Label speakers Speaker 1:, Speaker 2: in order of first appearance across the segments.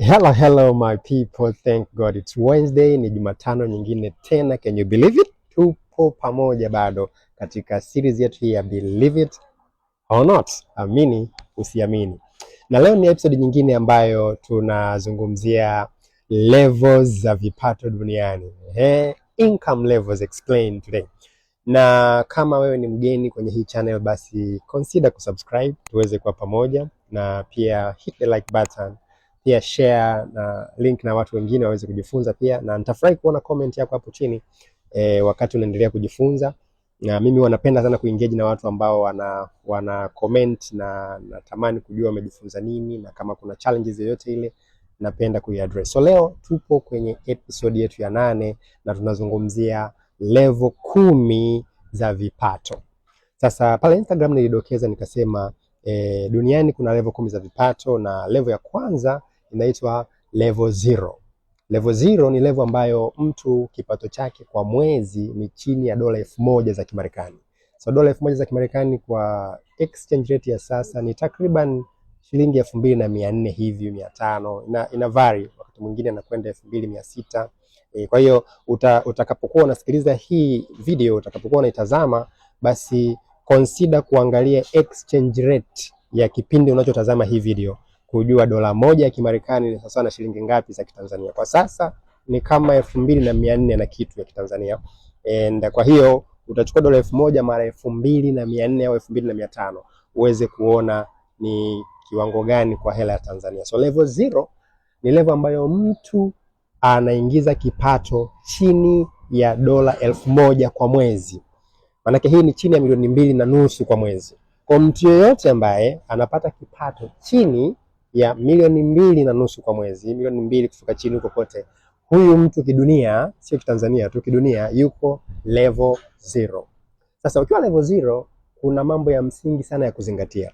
Speaker 1: Hello, hello my people, thank God it's Wednesday. Ni Jumatano nyingine tena, can you believe it? Tupo pamoja bado katika series yetu ya believe it or not, amini usiamini, na leo ni episode nyingine ambayo tunazungumzia levels za vipato duniani. He, eh, income levels explained today, na kama wewe ni mgeni kwenye hii channel, basi consider kusubscribe tuweze kuwa pamoja, na pia hit the like button pia share na link na watu wengine waweze kujifunza pia, na nitafurahi kuona comment yako hapo chini e, wakati unaendelea kujifunza. Na mimi wanapenda sana kuengage na watu ambao wana wana comment na natamani kujua wamejifunza nini, na kama kuna challenges yoyote ile napenda kuiaddress. So leo tupo kwenye episode yetu ya nane na tunazungumzia level kumi za vipato. Sasa pale Instagram nilidokeza nikasema, e, duniani kuna level kumi za vipato na level ya kwanza inaitwa level zero. Level zero ni level ambayo mtu kipato chake kwa mwezi ni chini ya dola elfu moja za Kimarekani. So dola elfu moja za Kimarekani kwa exchange rate ya sasa ni takriban shilingi elfu mbili na mia nne hivi mia tano ina, ina vari wakati mwingine anakwenda elfu mbili mia sita e, kwa hiyo uta, utakapokuwa unasikiliza hii video utakapokuwa unaitazama basi consider kuangalia exchange rate ya kipindi unachotazama hii video kujua dola moja ya Kimarekani ni sawa na shilingi ngapi za Kitanzania. Kwa sasa ni kama elfu mbili na mia nne na kitu ya Kitanzania. And kwa hiyo utachukua dola elfu moja mara elfu mbili na mia nne au elfu mbili na mia tano uweze kuona ni kiwango gani kwa hela ya Tanzania. So level zero ni level ambayo mtu anaingiza kipato chini ya dola elfu moja kwa mwezi. Maanake hii ni chini ya milioni mbili na nusu kwa mwezi. Kwa mtu yeyote ambaye anapata kipato chini ya milioni mbili na nusu kwa mwezi, milioni mbili kufika chini huko kote. Huyu mtu kidunia, sio kitanzania tu, kidunia yuko level zero. Sasa ukiwa level zero, kuna mambo ya msingi sana ya kuzingatia.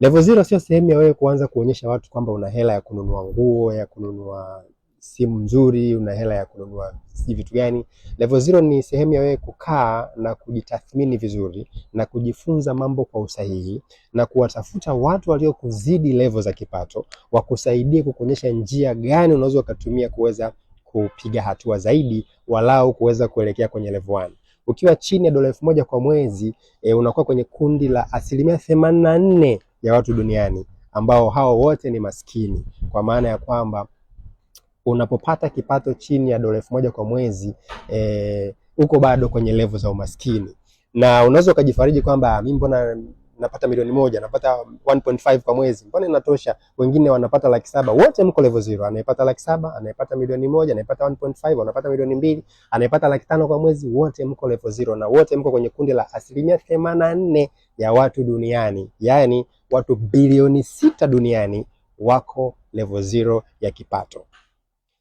Speaker 1: Level zero sio sehemu ya wewe kuanza kuonyesha watu kwamba una hela ya kununua nguo, ya kununua simu nzuri, una hela ya kununua vitu gani. Level zero ni sehemu ya wewe kukaa na kujitathmini vizuri na kujifunza mambo kwa usahihi na kuwatafuta watu waliokuzidi level za kipato, wakusaidie kukuonyesha njia gani unaweza ukatumia kuweza kupiga hatua zaidi, walau kuweza kuelekea kwenye level one. Ukiwa chini ya dola elfu moja kwa mwezi e, unakuwa kwenye kundi la asilimia themanini na nne ya watu duniani ambao hao wote ni maskini, kwa maana ya kwamba unapopata kipato chini ya dola elfu moja kwa mwezi eh, uko bado kwenye levu za umaskini, na unaweza ukajifariji kwamba ah, mimi mbona napata milioni moja napata 1.5 kwa mwezi, mbona inatosha? Wengine wanapata laki saba. Wote mko level zero, anayepata laki saba, anayepata milioni moja, anayepata 1.5, anapata milioni mbili, anayepata laki tano kwa mwezi, wote mko level zero, na wote mko kwenye kundi la asilimia themanini na nne ya watu duniani, yaani watu bilioni sita duniani wako level zero ya kipato.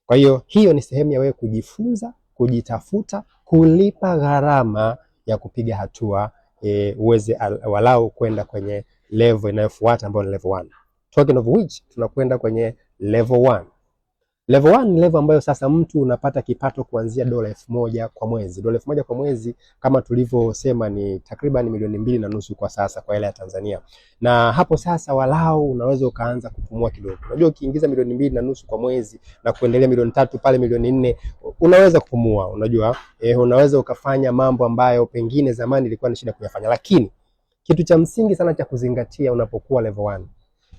Speaker 1: Kwa hiyo hiyo ni sehemu ya wewe kujifunza, kujitafuta, kulipa gharama ya kupiga hatua e, uweze walau kwenda kwenye level inayofuata ambayo ni level 1. Talking of which tunakwenda kwenye level 1. Level 1 ni level ambayo sasa mtu unapata kipato kuanzia dola elfu moja kwa mwezi. Dola elfu moja kwa mwezi kama tulivyosema ni takriban milioni mbili na nusu kwa sasa kwa hela ya Tanzania, na hapo sasa walau unaweza ukaanza kupumua kidogo. Unajua, ukiingiza milioni mbili na nusu kwa mwezi na kuendelea milioni tatu pale milioni nne unaweza kupumua. Unajua eh, unaweza ukafanya mambo ambayo pengine zamani ilikuwa ni shida kuyafanya, lakini kitu cha msingi sana cha kuzingatia unapokuwa level 1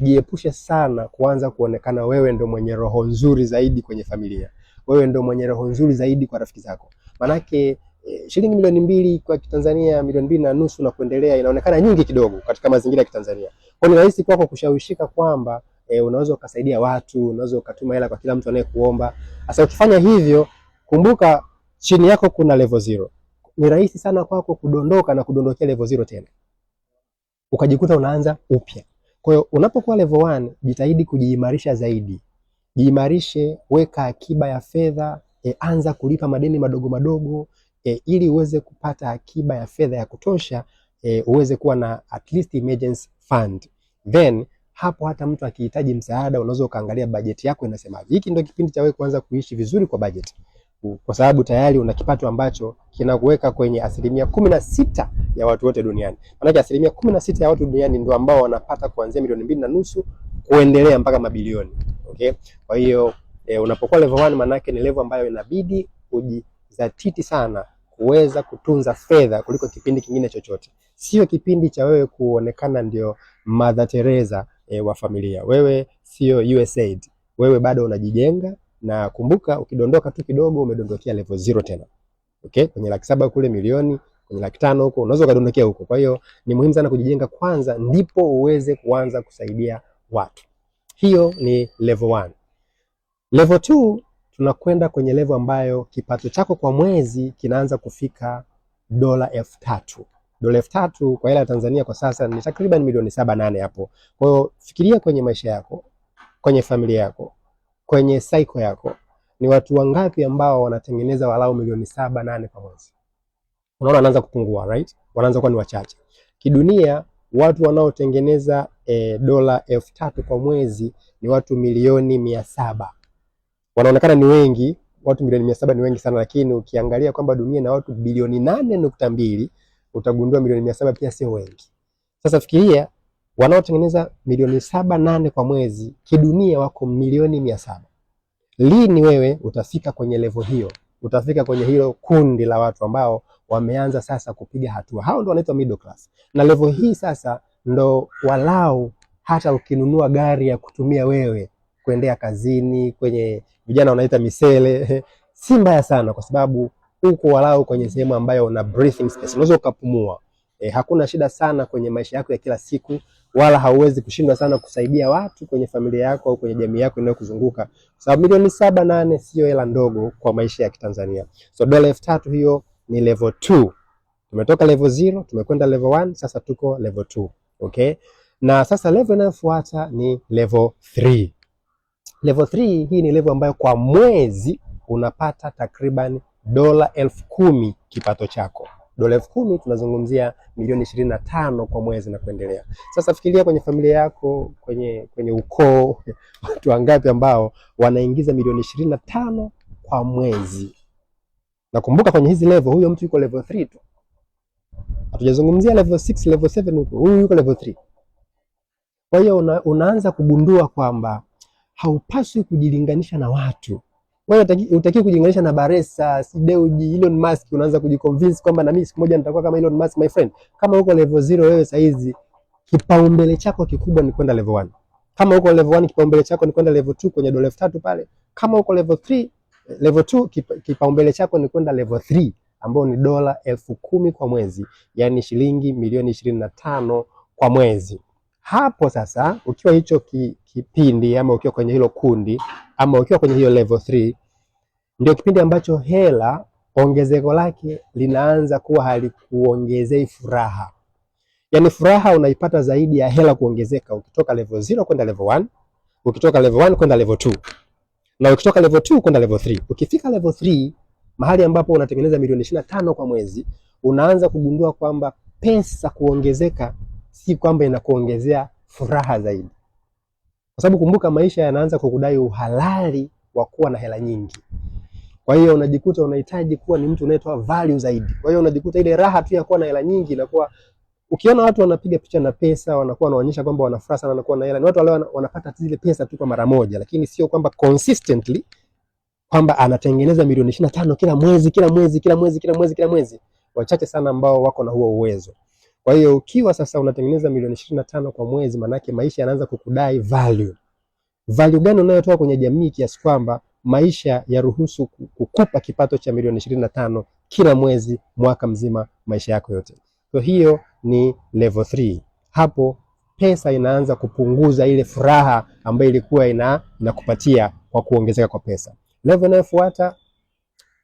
Speaker 1: jiepushe sana kuanza kuonekana wewe ndo mwenye roho nzuri zaidi kwenye familia, wewe ndo mwenye roho nzuri zaidi kwa rafiki zako. Manake eh, shilingi milioni mbili kwa Kitanzania, milioni mbili na nusu na kuendelea, inaonekana nyingi kidogo katika mazingira ya Kitanzania. Kwa ni rahisi kwako kushawishika kwamba eh, unaweza ukasaidia watu, unaweza ukatuma hela kwa kila mtu anayekuomba. Sasa ukifanya hivyo, kumbuka chini yako kuna level zero. Ni rahisi sana kwako kudondoka na kudondokea level zero tena ukajikuta unaanza upya. Kwa hiyo unapokuwa level 1 jitahidi kujiimarisha zaidi, jiimarishe, weka akiba ya fedha e, anza kulipa madeni madogo madogo e, ili uweze kupata akiba ya fedha ya kutosha e, uweze kuwa na at least emergency fund then hapo hata mtu akihitaji msaada unaweza ukaangalia bajeti yako inasema hiki ndio kipindi cha wewe kuanza kuishi vizuri kwa bajeti kwa sababu tayari una kipato ambacho kinakuweka kwenye asilimia kumi na sita ya watu wote duniani. Maanake asilimia kumi na sita ya watu duniani ndio ambao wanapata kuanzia milioni mbili na nusu kuendelea mpaka mabilioni. Okay? Kwa hiyo e, unapokuwa level maanake ni level ambayo inabidi ujizatiti sana kuweza kutunza fedha kuliko kipindi kingine chochote. Sio kipindi cha wewe kuonekana ndio Mother Teresa e, wa familia. Wewe sio USAID. Wewe bado unajijenga na kumbuka, ukidondoka tu kidogo umedondokea level zero tena. Okay, kwenye laki saba kule milioni, kwenye laki tano huko unaweza ukadondokea huko. Kwa hiyo ni muhimu sana kujijenga kwanza, ndipo uweze kuanza kusaidia watu. Hiyo ni level one. Level two, tunakwenda kwenye level ambayo kipato chako kwa mwezi kinaanza kufika dola elfu tatu. Dola elfu tatu kwa hela ya Tanzania kwa sasa ni takriban milioni saba nane hapo. Kwa hiyo fikiria kwenye maisha yako, kwenye familia yako kwenye saiko yako ni watu wangapi ambao wanatengeneza walau milioni saba nane kwa mwezi? Unaona, wanaanza kupungua right, wanaanza kuwa ni wachache. Kidunia watu wanaotengeneza e, dola elfu tatu kwa mwezi ni watu milioni mia saba. Wanaonekana ni wengi, watu milioni mia saba ni wengi sana, lakini ukiangalia kwamba dunia na watu bilioni nane nukta mbili utagundua milioni mia saba pia sio wengi. Sasa fikiria wanaotengeneza milioni saba nane kwa mwezi kidunia wako milioni mia saba. Lini wewe utafika kwenye levo hiyo? Utafika kwenye hilo kundi la watu ambao wameanza sasa kupiga hatua. Hao ndo wanaitwa middle class, na levo hii sasa ndo walau hata ukinunua gari ya kutumia wewe kuendea kazini, kwenye vijana wanaita misele, si mbaya sana, kwa sababu uko walau kwenye sehemu ambayo una breathing space, unaweza ukapumua. Eh, hakuna shida sana kwenye maisha yako ya kila siku wala hauwezi kushindwa sana kusaidia watu kwenye familia yako au kwenye jamii yako inayokuzunguka kwa sababu milioni saba nane siyo hela ndogo kwa maisha ya Kitanzania. So dola elfu tatu hiyo ni level 2. Tumetoka level 0 tumekwenda level 1, sasa tuko level 2. Okay, na sasa level inayofuata ni level 3. Level 3 hii ni level ambayo kwa mwezi unapata takriban dola elfu kumi kipato chako dola elfu kumi tunazungumzia milioni ishirini na tano kwa mwezi na kuendelea. Sasa fikiria kwenye familia yako, kwenye kwenye ukoo, watu wangapi ambao wanaingiza milioni ishirini na tano kwa mwezi? Nakumbuka kwenye hizi level, huyo mtu yuko level 3 tu, hatujazungumzia level 6, level 7 huko, huyu yuko level 3. Kwa hiyo una, unaanza kugundua kwamba haupaswi kujilinganisha na watu wewe utakiwa kujilinganisha na Baresa, Deuji, Elon Musk, unaanza kujiconvince kwamba na mimi siku moja nitakuwa kama Elon Musk my friend. Kama uko level 0 wewe hizi, kipaumbele chako kikubwa ni kwenda level 1. Kama uko level 1 kipaumbele chako ni kwenda level 2 kwenye dola 3000 pale. Kama uko level 3 eh, level 2 kipaumbele chako ni kwenda level 3 ambao ni dola elfu kumi kwa mwezi, yani shilingi milioni ishirini na tano kwa mwezi. Hapo sasa ukiwa hicho kipindi ama ukiwa kwenye hilo kundi ama ukiwa kwenye hiyo level 3 ndio kipindi ambacho hela ongezeko lake linaanza kuwa halikuongezei furaha. Yaani furaha unaipata zaidi ya hela kuongezeka ukitoka level 0 kwenda level 1, ukitoka level 1 kwenda level 2. Na ukitoka level 2 kwenda level 3. Ukifika level 3 mahali ambapo unatengeneza milioni 25 kwa mwezi, unaanza kugundua kwamba pesa kuongezeka si kwamba inakuongezea furaha zaidi kwa sababu kumbuka, maisha yanaanza kukudai uhalali wa kuwa na hela nyingi. Kwa hiyo unajikuta unahitaji kuwa ni mtu unayetoa value zaidi. Kwa hiyo unajikuta ile raha tu ya kuwa na hela nyingi inakuwa ukiona watu wanapiga picha na pesa, wanakuwa wanaonyesha kwamba wana furaha sana, wanakuwa na hela, ni watu wale wanapata zile pesa tu kwa mara moja, lakini sio kwamba consistently kwamba anatengeneza milioni 25 kila mwezi kila mwezi kila mwezi kila mwezi kila mwezi. Wachache sana ambao wako na huo uwezo. Kwa hiyo ukiwa sasa unatengeneza milioni ishirini na tano kwa mwezi, manake maisha yanaanza kukudai value. Value gani unayotoa kwenye jamii kiasi kwamba maisha yaruhusu kukupa kipato cha milioni ishirini na tano kila mwezi, mwaka mzima, maisha yako yote? So hiyo ni level 3. Hapo pesa inaanza kupunguza ile furaha ambayo ilikuwa ina inakupatia kwa kuongezeka kwa pesa. Level inayofuata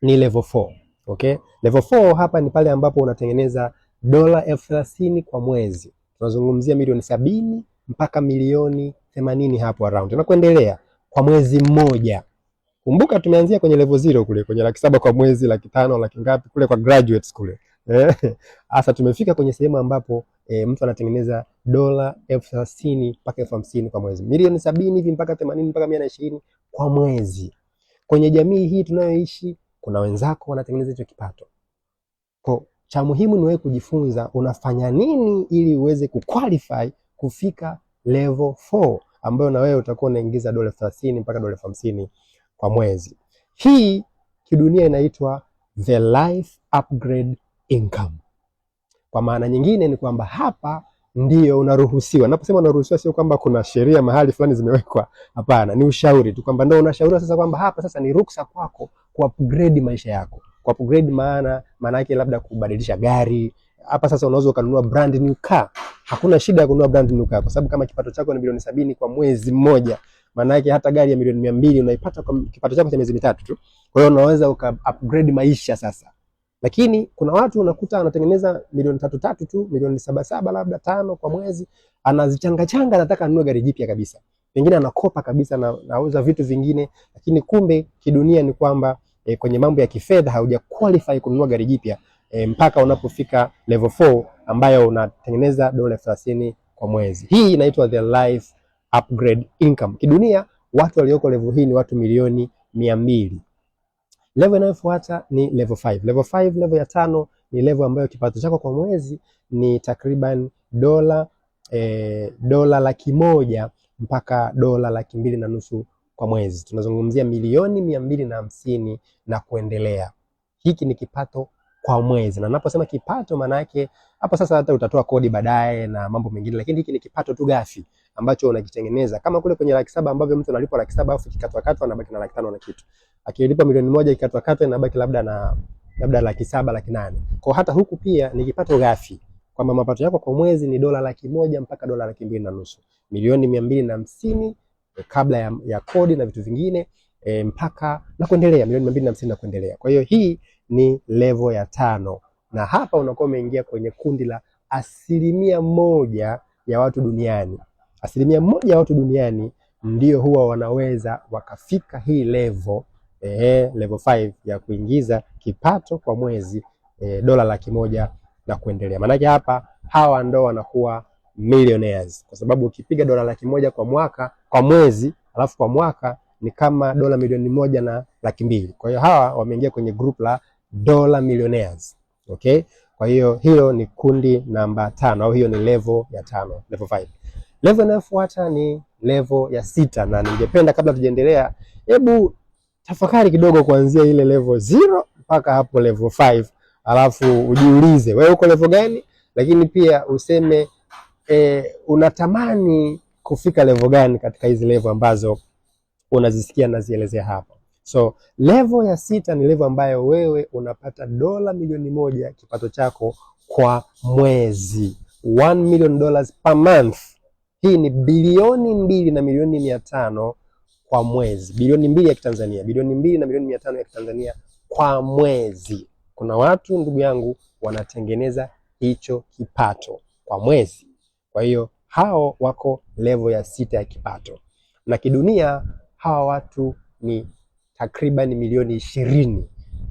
Speaker 1: ni level 4. Okay? Level 4 hapa ni pale ambapo unatengeneza dola elfu thelathini kwa mwezi, tunazungumzia milioni sabini mpaka milioni themanini hapo around na kuendelea kwa mwezi mmoja. Kumbuka tumeanzia kwenye level zero kule kwenye laki saba kwa mwezi, laki tano, laki ngapi kule kwa graduates kule eh, hasa tumefika kwenye sehemu ambapo e, mtu anatengeneza dola elfu thelathini mpaka elfu hamsini kwa mwezi, milioni sabini hivi mpaka themanini mpaka mia na ishirini kwa mwezi. Kwenye jamii hii tunayoishi, kuna wenzako wanatengeneza hicho kipato cha muhimu ni wewe kujifunza unafanya nini ili uweze kuqualify kufika level 4 ambayo na wewe utakuwa unaingiza dola elfu thelathini mpaka dola elfu hamsini kwa mwezi. Hii kidunia inaitwa the life upgrade income. Kwa maana nyingine ni kwamba hapa ndiyo unaruhusiwa. Naposema unaruhusiwa, sio kwamba kuna sheria mahali fulani zimewekwa, hapana. Ni ushauri tu kwamba ndio unashauriwa sasa, kwamba hapa sasa ni ruksa kwako ku upgrade maisha yako. Kwa upgrade maana maana yake labda kubadilisha gari. Hapa sasa unaweza ukanunua brand new car. Hakuna shida ya kununua brand new car kwa sababu kama kipato chako ni milioni sabini kwa mwezi mmoja, maana yake hata gari ya milioni mia mbili unaipata kwa kipato chako cha miezi mitatu tu. Kwa hiyo unaweza uka upgrade maisha sasa. Lakini kuna watu unakuta anatengeneza milioni tatu tatu tu, milioni saba saba labda tano kwa mwezi, anazichanga changa, anataka anunue gari jipya kabisa. Pengine anakopa kabisa na nauza vitu vingine, lakini kumbe kidunia ni kwamba e, kwenye mambo ya kifedha hauja qualify kununua gari jipya e, mpaka unapofika level 4 ambayo unatengeneza dola elfu thelathini kwa mwezi. Hii inaitwa the life upgrade income. Kidunia watu walioko level hii ni watu milioni mia mbili. Level inayofuata ni level 5. Level 5, level ya tano ni level ambayo kipato chako kwa mwezi ni takriban dola e, dola laki moja mpaka dola laki mbili na nusu kwa mwezi, tunazungumzia milioni mia mbili na hamsini na kuendelea. Hiki ni kipato kwa mwezi, na naposema kipato maana yake hapo sasa hata utatoa kodi baadaye na mambo mengine, lakini hiki ni kipato tu ghafi ambacho unakitengeneza kama kule kwenye laki saba ambavyo mtu analipwa laki saba afu kikatwa katwa anabaki na laki tano na kitu, akilipwa milioni moja ikatwa katwa inabaki labda na labda laki saba laki nane Kwa hata huku pia ni kipato ghafi kwamba mapato yako kwa mwezi ni dola laki moja mpaka dola laki mbili na nusu milioni mia mbili na hamsini Eh, kabla ya, ya kodi na vitu vingine e, mpaka na kuendelea milioni mia mbili na hamsini na kuendelea. Kwa hiyo hii ni levo ya tano, na hapa unakuwa umeingia kwenye kundi la asilimia moja ya watu duniani. Asilimia moja ya watu duniani ndio huwa wanaweza wakafika hii levo eh, level 5 ya kuingiza kipato kwa mwezi e, dola laki moja na kuendelea. Maanake hapa hawa ndo wanakuwa millionaires, kwa sababu ukipiga dola laki moja kwa mwaka kwa mwezi, alafu kwa mwaka ni kama dola milioni moja na laki mbili. Kwa hiyo hawa wameingia kwenye group la dola millionaires. Okay, kwa hiyo hilo ni kundi namba tano, au hiyo ni level ya tano, level five. Level inayofuata ni level ya sita, na ningependa kabla tujaendelea, hebu tafakari kidogo kuanzia ile level zero mpaka hapo level five, alafu ujiulize wewe uko level gani, lakini pia useme e, unatamani kufika level gani katika hizi level ambazo unazisikia nazielezea hapa? So level ya sita ni level ambayo wewe unapata dola milioni moja kipato chako kwa mwezi, 1 million dollars per month. Hii ni bilioni mbili na milioni mia tano kwa mwezi, bilioni mbili ya Kitanzania, bilioni mbili na milioni mia tano ya Kitanzania kwa mwezi. Kuna watu ndugu yangu wanatengeneza hicho kipato kwa mwezi. Kwa hiyo hao wako levo ya sita ya kipato, na kidunia hawa watu ni takriban milioni ishirini.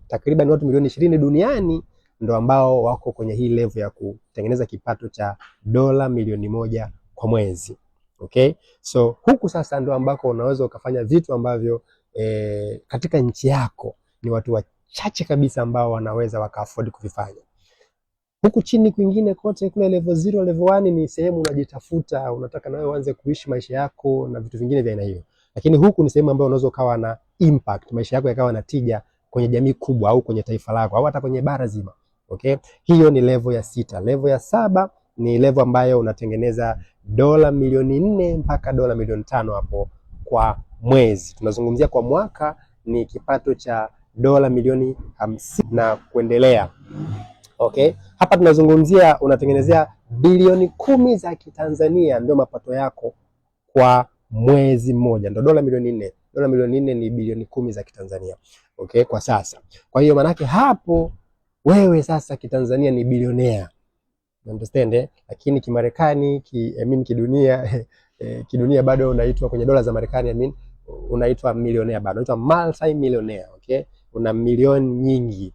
Speaker 1: Takriban watu milioni ishirini duniani ndo ambao wako kwenye hii levo ya kutengeneza kipato cha dola milioni moja kwa mwezi. Okay? So huku sasa ndo ambako unaweza ukafanya vitu ambavyo e, katika nchi yako ni watu wachache kabisa ambao wanaweza waka afford kuvifanya. Huku chini kwingine kote kule level zero, level one ni sehemu unajitafuta, unataka nawe uanze kuishi maisha yako na vitu vingine vya aina hiyo, lakini huku ni sehemu ambayo unaweza ukawa na impact, maisha yako yakawa na tija kwenye jamii kubwa au kwenye taifa lako au hata kwenye bara zima. Okay, hiyo ni level ya sita. Level ya saba ni level ambayo unatengeneza dola milioni nne mpaka dola milioni tano hapo kwa mwezi. Tunazungumzia kwa mwaka ni kipato cha dola milioni hamsini na kuendelea. Okay? Hapa tunazungumzia unatengenezea bilioni kumi za Kitanzania ndio mapato yako kwa mwezi mmoja, ndio dola milioni nne. Dola milioni nne ni bilioni kumi za Kitanzania. Okay? Kwa sasa. Kwa hiyo manake hapo wewe sasa Kitanzania ni bilionea. Understand eh? Lakini Kimarekani, ki, I mean, kidunia eh, kidunia bado unaitwa kwenye dola za Marekani I mean, unaitwa milionea bado, unaitwa multi millionaire, okay? Una milioni nyingi.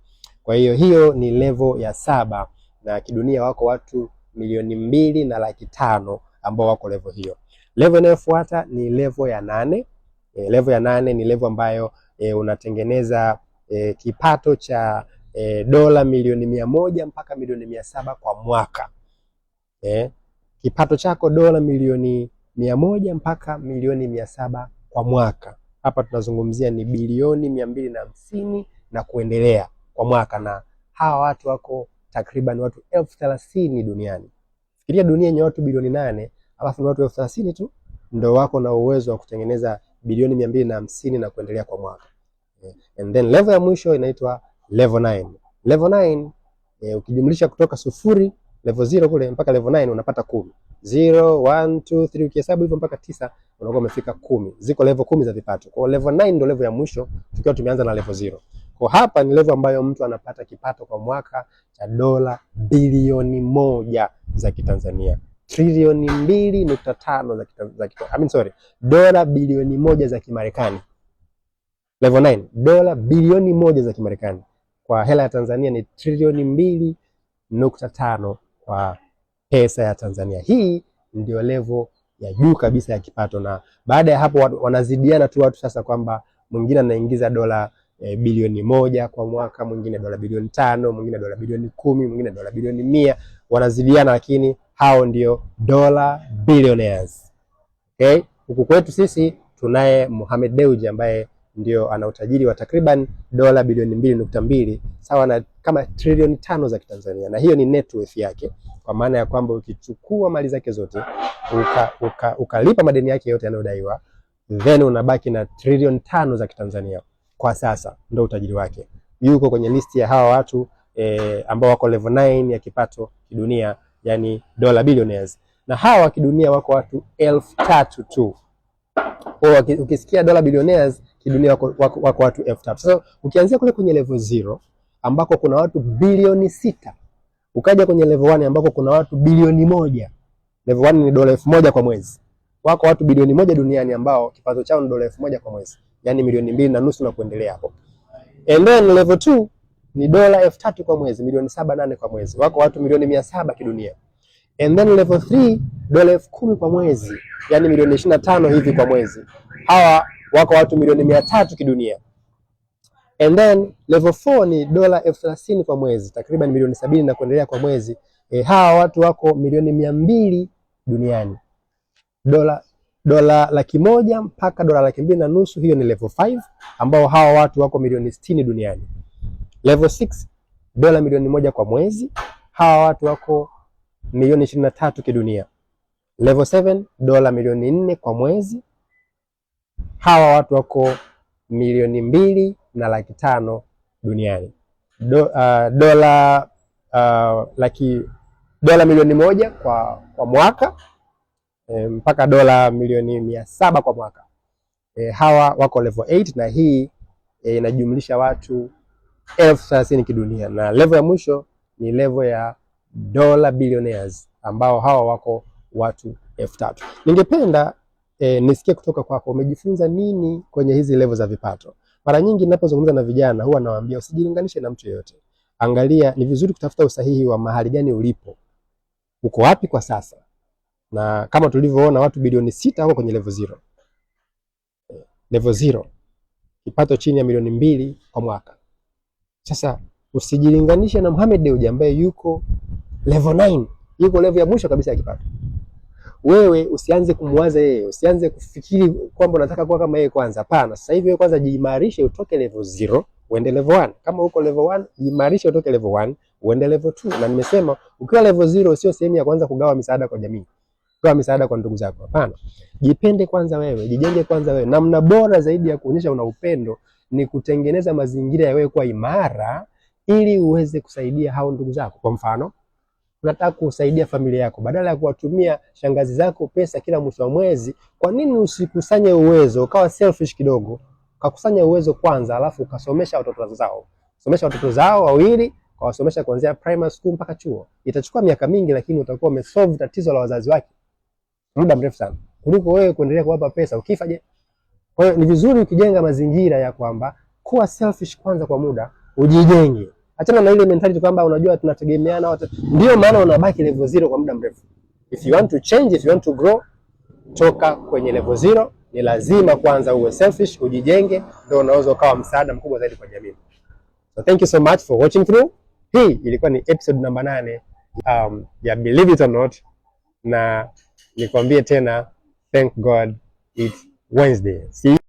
Speaker 1: Kwa hiyo hiyo ni levo ya saba, na kidunia wako watu milioni mbili na laki tano ambao wako levo hiyo. Levo inayofuata ni levo ya nane. E, eh, levo ya nane ni levo ambayo e, unatengeneza e, kipato cha e, dola milioni mia moja mpaka milioni mia saba kwa mwaka e, kipato chako dola milioni mia moja mpaka milioni mia saba kwa mwaka. Hapa tunazungumzia ni bilioni mia mbili na hamsini na kuendelea kwa mwaka, na hawa watu wako takriban watu elfu thelathini duniani. Fikiria dunia yenye watu bilioni nane alafu ni watu elfu thelathini tu ndio wako na uwezo wa kutengeneza bilioni mia mbili na hamsini na kuendelea kwa mwaka. Eh, and then level ya mwisho inaitwa level 9. Level 9 e, eh, ukijumlisha kutoka sufuri level 0 kule mpaka level 9 unapata kumi. 0 1 2 3 ukihesabu hivyo mpaka tisa unakuwa umefika kumi. Ziko level kumi za vipato. Kwa level 9 ndio level ya mwisho tukiwa tumeanza na level zero. Kwa hapa ni level ambayo mtu anapata kipato kwa mwaka cha dola bilioni moja za Kitanzania trilioni mbili nukta tano za Kitanzania. kita, I mean sorry, dola bilioni moja za Kimarekani. Level 9 dola bilioni moja za Kimarekani kwa hela ya Tanzania ni trilioni mbili nukta tano kwa pesa ya Tanzania. Hii ndio level ya juu kabisa ya kipato, na baada ya hapo wanazidiana tu watu sasa kwamba mwingine anaingiza dola e, bilioni moja kwa mwaka, mwingine dola bilioni tano, mwingine dola bilioni kumi, mwingine dola bilioni mia, wanazidiana, lakini hao ndio dola billionaires. Okay, huku kwetu sisi tunaye Mohamed Dewji ambaye ndio ana utajiri wa takriban dola bilioni mbili nukta mbili sawa na kama trilioni tano za Kitanzania, na hiyo ni net worth yake, kwa maana ya kwamba ukichukua mali zake zote ukalipa uka, uka madeni yake yote yanayodaiwa, then unabaki na trilioni tano za Kitanzania kwa sasa, ndio utajiri wake. Yuko kwenye listi ya hawa watu eh, ambao wako level 9 ya kipato kidunia, yani dola billionaires, na hawa kidunia wako watu elfu tatu tu. Ukisikia dola billionaires kidunia wako, wako, wako watu elfu tatu. Sasa ukianzia kule kwenye level zero ambako kuna watu bilioni sita ukaja kwenye level 1 ambako kuna watu bilioni moja. Level 1 ni dola elfu moja kwa mwezi. Wako watu bilioni moja duniani ambao kipato chao ni dola elfu moja kwa mwezi, yani milioni mbili na nusu na kuendelea hapo. And then level 2 ni dola elfu tatu kwa mwezi, milioni saba nane kwa mwezi. Wako watu milioni mia saba kidunia. And then level 3 dola elfu kumi kwa mwezi, yani milioni ishirini na tano hivi kwa mwezi. Hawa wako watu milioni mia tatu kidunia. And then level 4 ni dola elfu thelathini kwa mwezi, takriban milioni sabini na kuendelea kwa mwezi. E, hawa watu wako milioni mia mbili duniani. Dola dola laki moja mpaka dola laki mbili na nusu, hiyo ni level 5 ambao hawa watu wako milioni sitini duniani. Level 6 dola milioni moja kwa mwezi, hawa watu wako milioni ishirini na tatu kidunia. Level 7 dola milioni nne kwa mwezi hawa watu wako milioni mbili na laki tano duniani do, uh, dola uh, laki dola milioni moja kwa, kwa mwaka e, mpaka dola milioni mia saba kwa mwaka e, hawa wako level 8 na hii e, inajumlisha watu elfu thelathini kidunia na level ya mwisho ni level ya dola billionaires ambao hawa wako watu elfu tatu. Ningependa e, nisikie kutoka kwako umejifunza nini kwenye hizi levo za vipato. Mara nyingi ninapozungumza na vijana huwa nawaambia usijilinganishe na mtu yeyote. Angalia, ni vizuri kutafuta usahihi wa mahali gani ulipo, uko wapi kwa sasa, na kama tulivyoona watu bilioni sita wako kwenye level zero. Eh, level zero, kipato chini ya milioni mbili kwa mwaka. Sasa usijilinganishe na Mohamed Dewji ambaye yuko level 9, yuko level ya mwisho kabisa ya kipato wewe usianze kumwaza yeye, usianze kufikiri kwamba unataka kuwa kama yeye kwanza. Hapana, sasa hivi wewe kwanza jiimarishe, utoke level zero uende level one. Kama uko level one, jiimarishe utoke level one uende level two. Na nimesema ukiwa level zero sio sehemu ya kwanza kugawa misaada kwa jamii, kugawa misaada kwa ndugu zako. Hapana, jipende kwanza wewe, jijenge kwanza wewe. Namna bora zaidi ya kuonyesha una upendo ni kutengeneza mazingira ya wewe kuwa imara, ili uweze kusaidia hao ndugu zako. Kwa mfano unataka kusaidia familia yako, badala ya kuwatumia shangazi zako pesa kila mwisho wa mwezi, kwa nini usikusanye uwezo ukawa selfish kidogo, kakusanya uwezo kwanza, alafu ukasomesha watoto zao, somesha watoto zao wawili kawasomesha kuanzia primary school mpaka chuo. Itachukua miaka mingi, lakini utakuwa umesolve tatizo la wazazi wake muda mrefu sana kuliko wewe kuendelea kuwapa pesa. Ukifa je? Kwa hiyo ni vizuri ukijenga mazingira ya kwamba kuwa selfish kwanza kwa muda, ujijenge. Achana na ile mentality kwamba unajua tunategemeana wote. Ndio maana unabaki level zero kwa muda mrefu. If you want to change, if you want to grow, toka kwenye level zero. Ni lazima kwanza uwe selfish, ujijenge, ndio unaweza ukawa msaada mkubwa zaidi kwa jamii. So thank you so much for watching through. Hii ilikuwa ni episode namba nane um, ya Believe It or Not, na nikwambie tena, thank God it's Wednesday. See you.